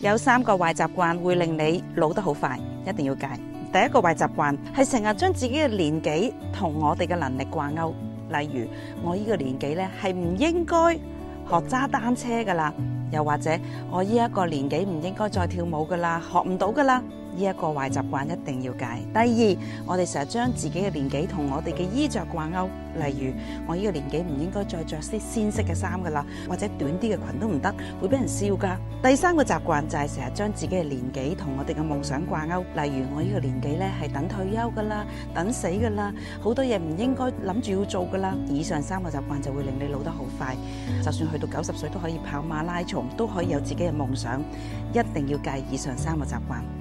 有三個壞習慣會令你老得好快，一定要戒。第一個壞習慣係成日將自己嘅年紀同我哋嘅能力掛鈎，例如我呢個年紀咧係唔應該學揸單車噶啦，又或者我呢一個年紀唔應該再跳舞噶啦，學唔到噶啦。呢一個壞習慣一定要戒。第二，我哋成日將自己嘅年紀同我哋嘅衣着掛鈎，例如我呢個年紀唔應該再着啲鮮色嘅衫㗎喇，或者短啲嘅裙都唔得，會俾人笑㗎。第三個習慣就係成日將自己嘅年紀同我哋嘅夢想掛鈎，例如我呢個年紀呢係等退休㗎喇，等死㗎喇，好多嘢唔應該諗住要做㗎喇。以上三個習慣就會令你老得好快，就算去到九十歲都可以跑馬拉松，都可以有自己嘅夢想。一定要戒以上三個習慣。